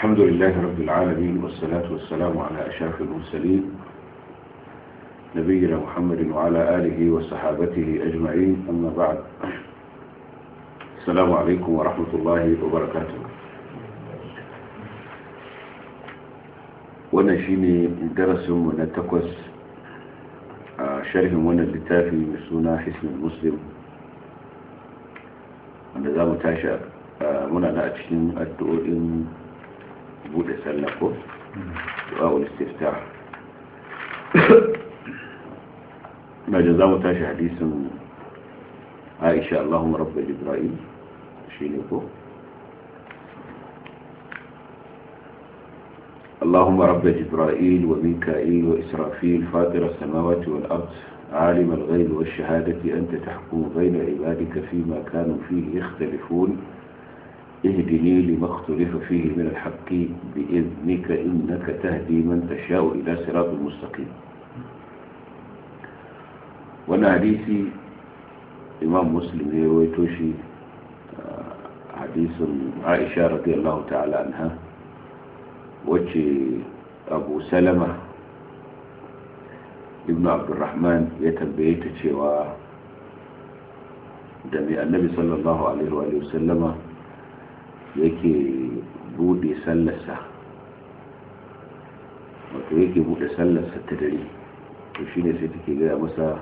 الحمد لله رب العالمين والصلاة والسلام على أشرف المرسلين نبينا محمد وعلى آله وصحابته أجمعين أما بعد السلام عليكم ورحمة الله وبركاته wannan shine درس na takwas a sharhin wannan littafi حسن المسلم hisnul muslim wanda buɗe sallah ko du'a'ul istiftah majin za mu tashi hadisin aisha Allahumma rabbi اللهم رب جبرائيل وميكائيل وإسرافيل فاطر السماوات والأرض عالم الغيب والشهادة أنت تحكم بين عبادك فيما كانوا فيه يختلفون اهدني لما اختلف فيه من الحق بإذنك إنك تهدي من تشاء إلى صراط مستقيم وانا حديثي إمام مسلم يويتوشي آه، حديث عائشة رضي الله تعالى عنها وشي أبو سلمة ابن عبد الرحمن يتنبيت شواء دمي النبي صلى الله عليه وآله وسلم yake bude sallarsa wato yake bude sallarsa ta dare to shine sai take gaya masa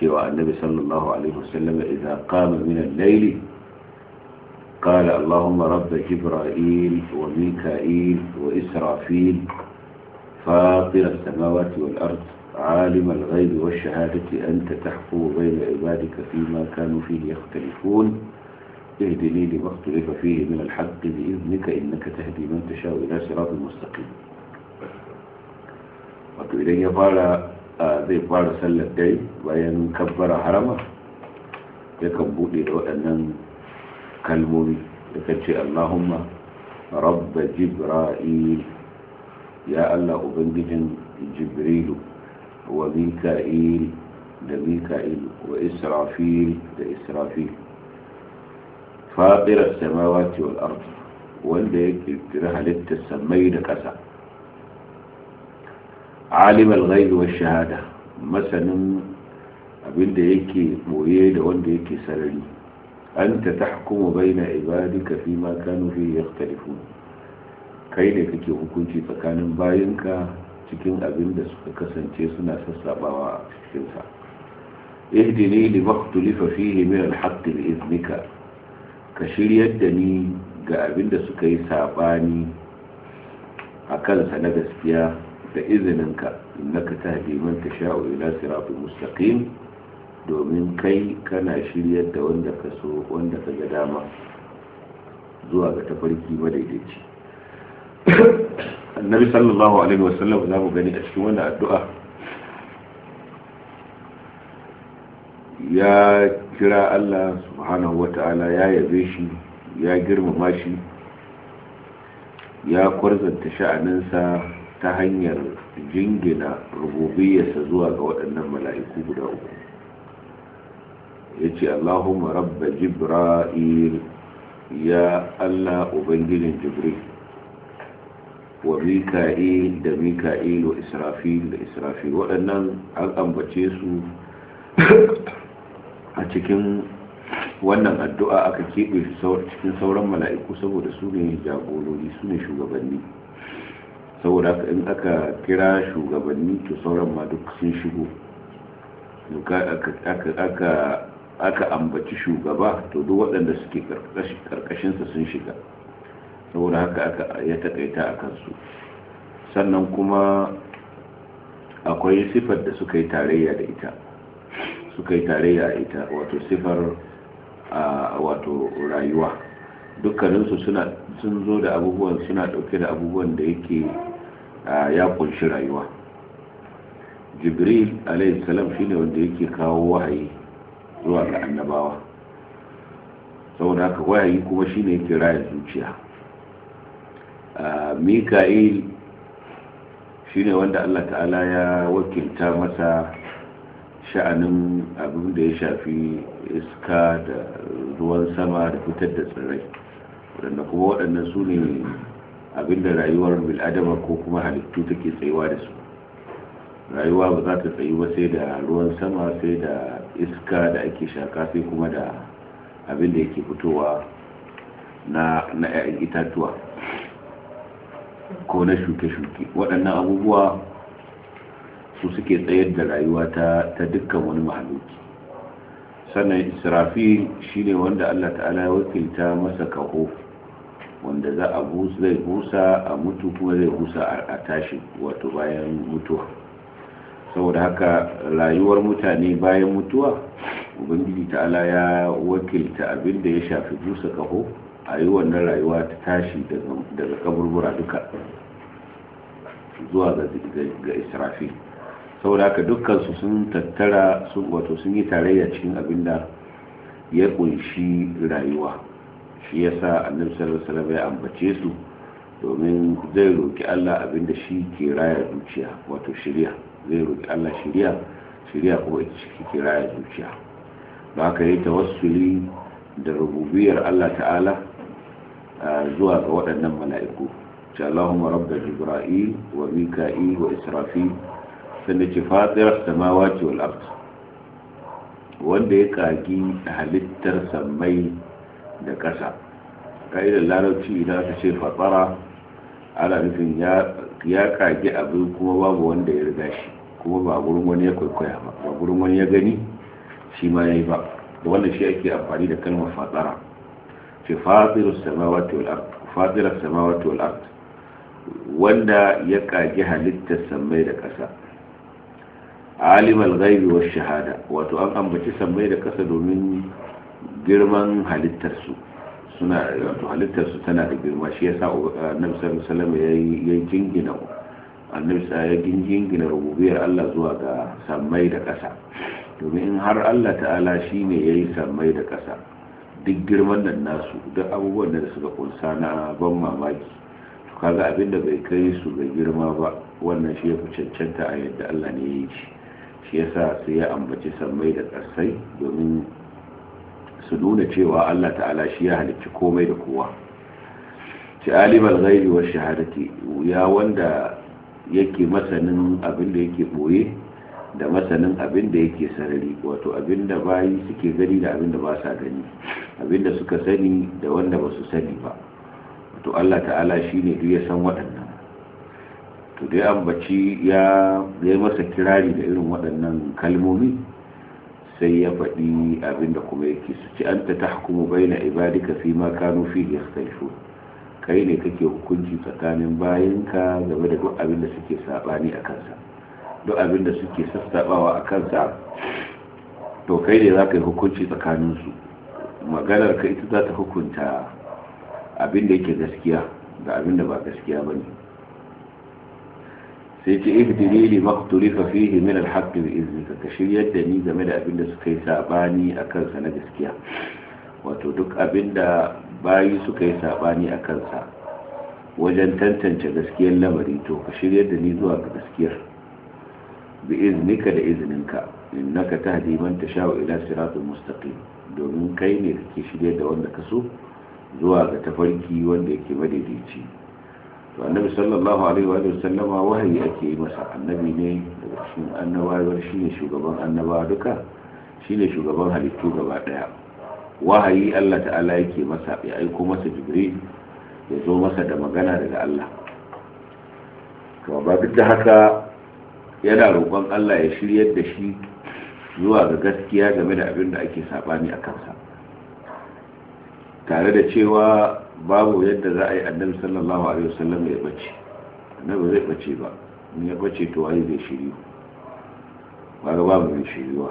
cewa annabi sallallahu alaihi wasallam idza qama min al-layl قال اللهم رب جبرائيل وميكائيل وإسرافيل فاطر السماوات والأرض عالم الغيب والشهادة أنت تحفو بين عبادك فيما كانوا فيه يختلفون اهدي لي لما اختلف فيه من الحق بإذنك إنك تهدي من تشاء إلى صراط مستقيم. وقال قال بارا ذي بارا سلة دي وين كبر حرمه يكن بودي لو أنن كلموني يكن شيء اللهم رب جبرائيل يا الله أبنجهن جبريل وميكائيل لميكائيل وإسرافيل لإسرافيل فاطر السماوات والأرض والذيك يكره للتسمي لكسا عالم الغيب والشهادة مثلا أبين ذيك مويد والذيك سرني أنت تحكم بين عبادك فيما كانوا فيه يختلفون كاينه kake hukunci tsakanin bayinka cikin abin da suka kasance suna sassabawa cikin sa ihdini li waqtu li fa ka shiryar da ni ga abin da suka yi saɓani a kansa na gaskiya da izininka ka tahdi man tasha'u ila siratin mustaqim domin kai kana shiryar da wanda ka so wanda ka ga dama zuwa ga tafarki madaidaici annabi sallallahu alaihi wasallam za mu gani a cikin wannan addu'a ya kira Allah subhanahu ta'ala ya yabe shi ya girmama shi ya kwarzanta sha'aninsa ta hanyar jingina rububiyarsa zuwa ga waɗannan mala'iku guda uku ya ce allahumma rabba jibra'il ya allah ubangijin jibril wa mika'il da mika'il wa israfil da israfil waɗannan an ambace su a cikin wannan addu'a aka keɓe cikin sauran mala'iku saboda su ne jagorori su ne shugabanni saboda in aka kira shugabanni to sauran ma duk sun shigo aka ambaci shugaba to duk waɗanda suke ƙarƙashinsa sun shiga saboda haka aka ya taƙaita a kansu sannan kuma akwai siffar da suka yi tarayya da ita suka yi tarayya a ita wato sifar wato rayuwa dukkaninsu sun zo da abubuwan suna dauke da abubuwan da yake ya kunshi rayuwa jibril alaihissalam shine wanda yake kawo wahayi zuwa ga annabawa saboda haka wahayi kuma shine yake raya zuciya mika'il shine wanda allah ta'ala ya wakilta masa sha'anin abin da ya shafi iska da ruwan sama da fitar da tsirrai waɗanda kuma waɗannan su ne abin da rayuwar bil'adama ko kuma halittu take tsayuwa da su rayuwa ba za ta tsayu ba sai da ruwan sama sai da iska da ake shaka sai kuma da abin da yake fitowa na 'ya'yan itatuwa ko na shuke-shuke waɗannan abubuwa su suke tsayar da rayuwa ta dukkan wani mahaluki sannan israfi shine wanda allah ta'ala ya wakilta masa kaho wanda za a zai busa a mutu kuma zai busa a tashi wato bayan mutuwa saboda haka rayuwar mutane bayan mutuwa ubangiji ta'ala ya wakilta abin da ya shafi busa kaho a yi wannan rayuwa ta tashi daga kaburbura duka zuwa ga israfi. saboda dukkansu dukkan su sun tattara sun wato sun yi tarayya cikin abin da ya kunshi rayuwa shi yasa annabi sallallahu alaihi wasallam ya ambace su domin zai roki Allah abin da shi ke raya zuciya wato shirya zai roki Allah shirya shirya ko ita shi ke raya zuciya don haka yi tawassuli da rububiyar Allah ta'ala zuwa ga waɗannan mala'iku. Allahumma rabbi Ibrahim wa Mika'il wa Israfil sannan ce fatirar samawati wal ard wanda ya kagi halittar samai da ƙasa ka'idar larabci idan aka ce fatara ana nufin ya kagi abin kuma babu wanda ya riga shi kuma ba gurin wani ya kwaikwaya ba ba gurin wani ya gani shi ma ya yi ba da wannan shi ake amfani da kalmar fatara ce fatirar samawati wal ard fatirar samawati wal ard wanda ya kagi halittar samai da ƙasa alimal ghaibi wa shahada wato an ambaci sammai da kasa domin girman halittarsu suna wato halittarsu tana da girma shi yasa annabi sallallahu alaihi ya jingina annabi ya jingina rububiyar Allah zuwa ga sammai da kasa domin in har Allah ta'ala shine yayi sammai da kasa duk girman nan nasu duk abubuwan da suka kunsa na ban mamaki to kaga da bai kai su ga girma ba wannan shi ya fi cancanta a yadda Allah ne ya yi shi shi yasa sai ya ambaci sammai da ƙasai domin su nuna cewa Allah ta'ala shi ya halicci komai da kowa ci alimal zai wa shahadati ya wanda yake masanin abin da yake boye da masanin abin da yake sarari wato abin da bayi suke gani da abin da ba sa gani abin da suka sani da wanda ba su sani ba to Allah ta'ala shi ne duk ya san to dai ambaci ya yi masa kirari da irin waɗannan kalmomi sai ya faɗi abinda kuma yake su ci an ta bai baina ibadika fi ma kanu fi yakhtalifun kai ne kake hukunci tsakanin bayanka game da duk abin da suke saɓani a kansa duk abin da suke sassaɓawa a kansa to kai ne za ka yi hukunci tsakaninsu maganar ka ita za ta hukunta abin da yake gaskiya da abin da ba gaskiya ba ne sai ce eh, ihdini li maktulifa fihi min alhaq bi iznika ka shiryar da ni game da abin da suka yi sabani a kansa na gaskiya wato duk abinda bayi suka yi sabani a kansa wajen tantance gaskiyar lamari to ka shiryar da ni zuwa ga gaskiyar bi iznika da izininka innaka tahdi man tasha ila siratul mustaqim domin kai ne kake shiryar da wanda ka so zuwa ga tafarki wanda yake madaidaici annabi sallallahu alaihi wa sallama wahayi ake yi masa annabi ne daga annaba annabawa shi ne shugaban annabawa duka shi ne shugaban halittu gaba daya wahayi Allah ta'ala yake masa ya aiko masa jibril ya zo masa da magana daga Allah to ba duk da haka yana roƙon Allah ya shiryar da shi zuwa ga gaskiya game da abin da ake sabani a kansa tare da cewa babu yadda za a yi annabi sallallahu alaihi wasallam ya bace annabi zai bace ba in ya bace to waye zai shiri ba ga babu shiri ba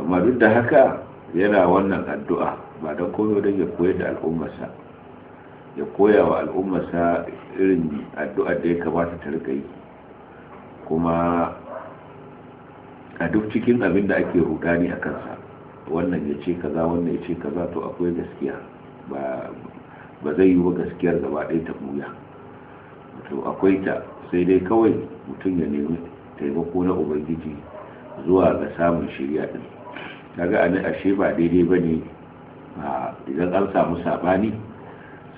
amma duk da haka yana wannan addu'a ba don koyo da ya koyar da al'ummarsa ya koya wa al'ummarsa irin addu'a da ya kamata ta rika yi kuma a duk cikin abin da ake rudani a kansa wannan ya ce kaza wannan ya ce kaza to akwai gaskiya ba zai yi wa gaskiyar gaba ɗaya ta buya to akwai ta sai dai kawai mutum ya nemi taimako na ubangiji zuwa ga samun shirya ɗin kaga a ashe ba daidai ba ne idan an samu saɓani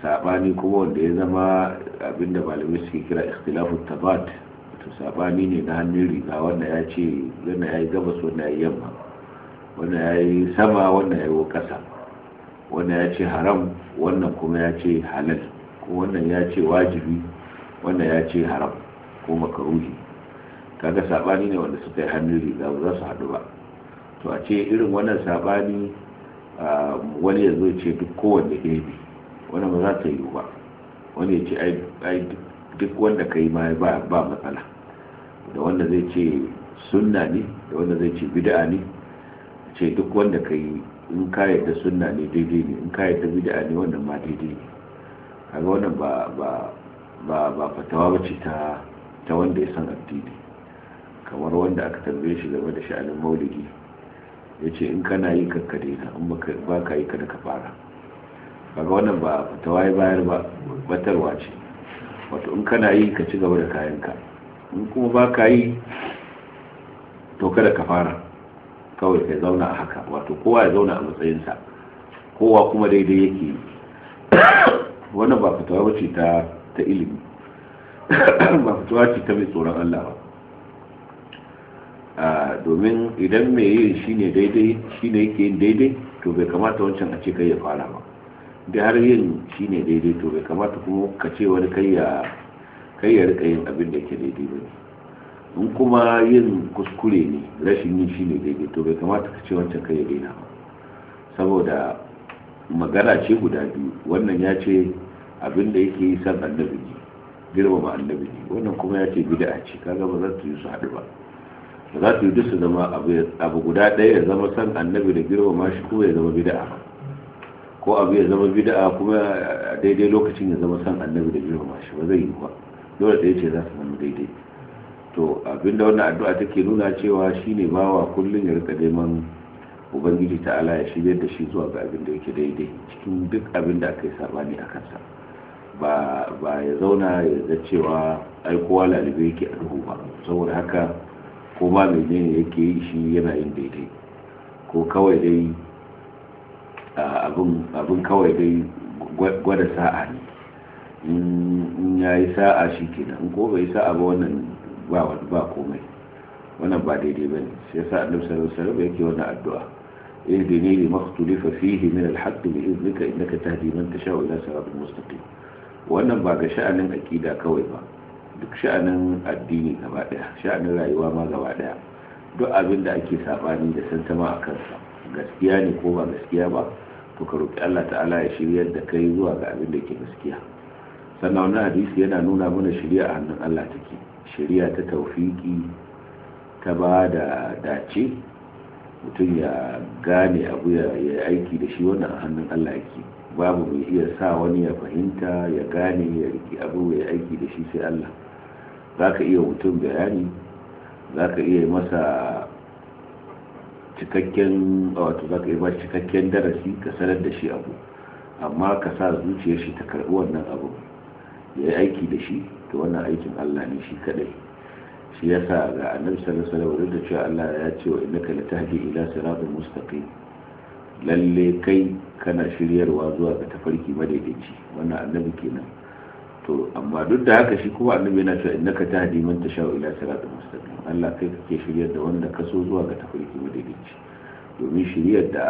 saɓani kuma wanda ya zama abinda malamai suke kira ikhtilafut tabat to saɓani ne na hannun riga wanda ya ce wannan ya yi gabas wanda ya yi yamma wanda ya yi sama wanda ya yi ƙasa wannan ya ce haram wannan kuma ya ce halal ko wannan ya ce wajibi wannan ya ce haram ko makaruhi kaga sabani ne wanda suka yi hannun riga ba za su haɗu ba to a ce irin wannan sabani wani ya zo ce duk kowanne ɗaya ne wannan ba za ta yiwu ba wani ya ce ai duk wanda ka yi ma ba matsala da wanda zai ce sunna ne da wanda zai ce bid'a ne ce duk wanda ka yi in ka yadda sunna ne daidai ne in ka yadda bid'a ne wannan ma daidai ne kaga wannan ba ba ba ba fatawa bace ta ta wanda ya san addini kamar wanda aka tambaye shi game da sha'anin maulidi ce in kana yi ka na, in ba ka yi ka da ka fara kaga wannan ba fatawa ya bayar ba batarwa ce wato in kana yi ka ci gaba da kayanka in kuma ba ka yi to kada ka fara kawai ka zauna a haka wato kowa ya zauna a matsayinsa kowa kuma daidai yake yi ba fitawa wace ta ta ilimi ba fitawa ce ta mai tsoron Allah ba ah, domin idan mai yin shine daidai shine yake yin daidai to bai kamata wancan a ce kai ya fara ba da har yin shine daidai to bai kamata kuma ka ce wani kai ya kai ya rika yin abin da yake daidai ba in kuma yin kuskure ne rashin yin shi ne daidai to bai kamata ka ce wancan kai ya daina ba saboda magana ce guda biyu wannan ya ce abin da yake yi san annabi ne girmama annabi ne wannan kuma ya ce bid'a ce kaga ba za su yi su haɗu ba ba za su yi duk su zama abu guda ɗaya ya zama san annabi da girma ma shi kuma ya zama bid'a ko abu ya zama bid'a kuma a daidai lokacin ya zama san annabi da ma shi ba zai yi ba dole da ya ce za su zama daidai to abinda wannan addu'a take nuna cewa shine bawa kullun ya rika neman ubangiji ta'ala ya shigar da shi zuwa ga abin da yake daidai cikin duk abin da aka yi sabani a kansa ba ya zauna ya ga cewa ai kowa lalibe yake a duhu ba saboda haka ko ba mai ne yake yi shi yana yin daidai ko kawai dai abin kawai dai gwada sa'a ne in ya yi sa'a shi kenan ko bai sa'a ba wannan ba wani ba komai wannan ba daidai ba ne shi yasa annabi sallallahu alaihi yake wannan addu'a ihdini lima ikhtalafa fihi min al-haqq bi idnika innaka tahdi man tasha'u ila siratin mustaqim wannan ba ga sha'anin aqida kawai ba duk sha'anin addini gaba daya sha'anin rayuwa ma gaba daya duk abin da ake sabani da santama a kansa gaskiya ne ko ba gaskiya ba to ka roki Allah ta'ala ya shiryar da kai zuwa ga abin da ke gaskiya sannan wani hadisi yana nuna mana shari'a a hannun Allah take shari'a ta taufiki ta ba da dace mutum ya gane abu ya yi aiki da shi wannan a hannun Allah yake babu mai iya sa wani ya fahimta ya gane ya riki abu ya aiki da shi sai Allah za ka iya mutum bayani za ka iya masa cikakken wato za ka iya ba cikakken darasi ka sanar da shi abu amma ka sa zuciyar shi ta karɓi wannan abu ya aiki da shi to wannan aikin Allah ne shi kadai shi yasa ga annabi sallallahu alaihi wasallam da cewa Allah ya ce wa innaka latahdi ila siratal mustaqim lalle kai kana shiryarwa zuwa ga tafarki madaidaici wannan annabi kenan to amma duk da haka shi kuma annabi yana cewa innaka tahdi man tasha ila siratal mustaqim Allah kai kake shiryar da wanda ka so zuwa ga tafarki madaidaici domin shiryar da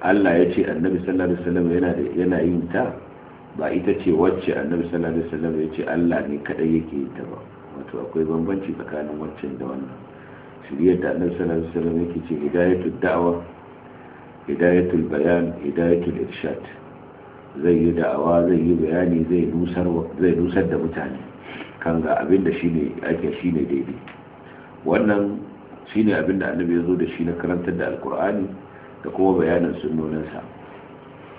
Allah ya ce annabi sallallahu alaihi wasallam yana yana yin ta ba ita ce wacce annabi sallallahu alaihi wasallam ya ce Allah ne kadai yake yin ta ba wato akwai bambanci tsakanin waccan da wannan shiriyar da annabi sallallahu alaihi wasallam yake ce hidayatul da'wa hidayatul bayan hidayatul irshad zai yi da'awa zai yi bayani zai nusar zai nusar da mutane kan ga abin da shine ake shine daidai wannan shine abin da annabi ya zo da shi na karantar da alkur'ani da kuma bayanin sunnonansa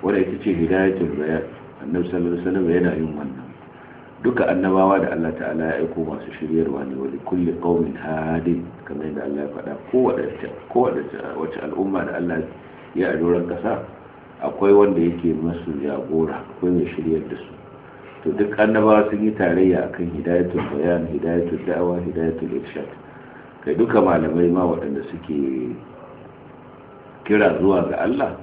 wanda ita ce hidayatul bayan annabi sallallahu alaihi wasallam yana yin wannan duka annabawa da Allah ta'ala ya aiko masu shiryarwa ne wani kulli qaumin hadin kamar yadda Allah ya faɗa kowace wace al'umma da Allah ya a kasa akwai wanda yake masu jagora akwai mai shiryar da su to duk annabawa sun yi tarayya akan hidayatul bayan hidayatul da'awa hidayatul irshad kai duka malamai ma waɗanda suke kira zuwa ga Allah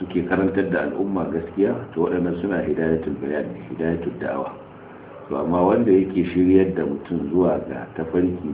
suke karantar da al'umma gaskiya to waɗannan suna hidayatul bayan hidayatul da'awa to amma wanda yake shiryar da mutum zuwa ga tafarki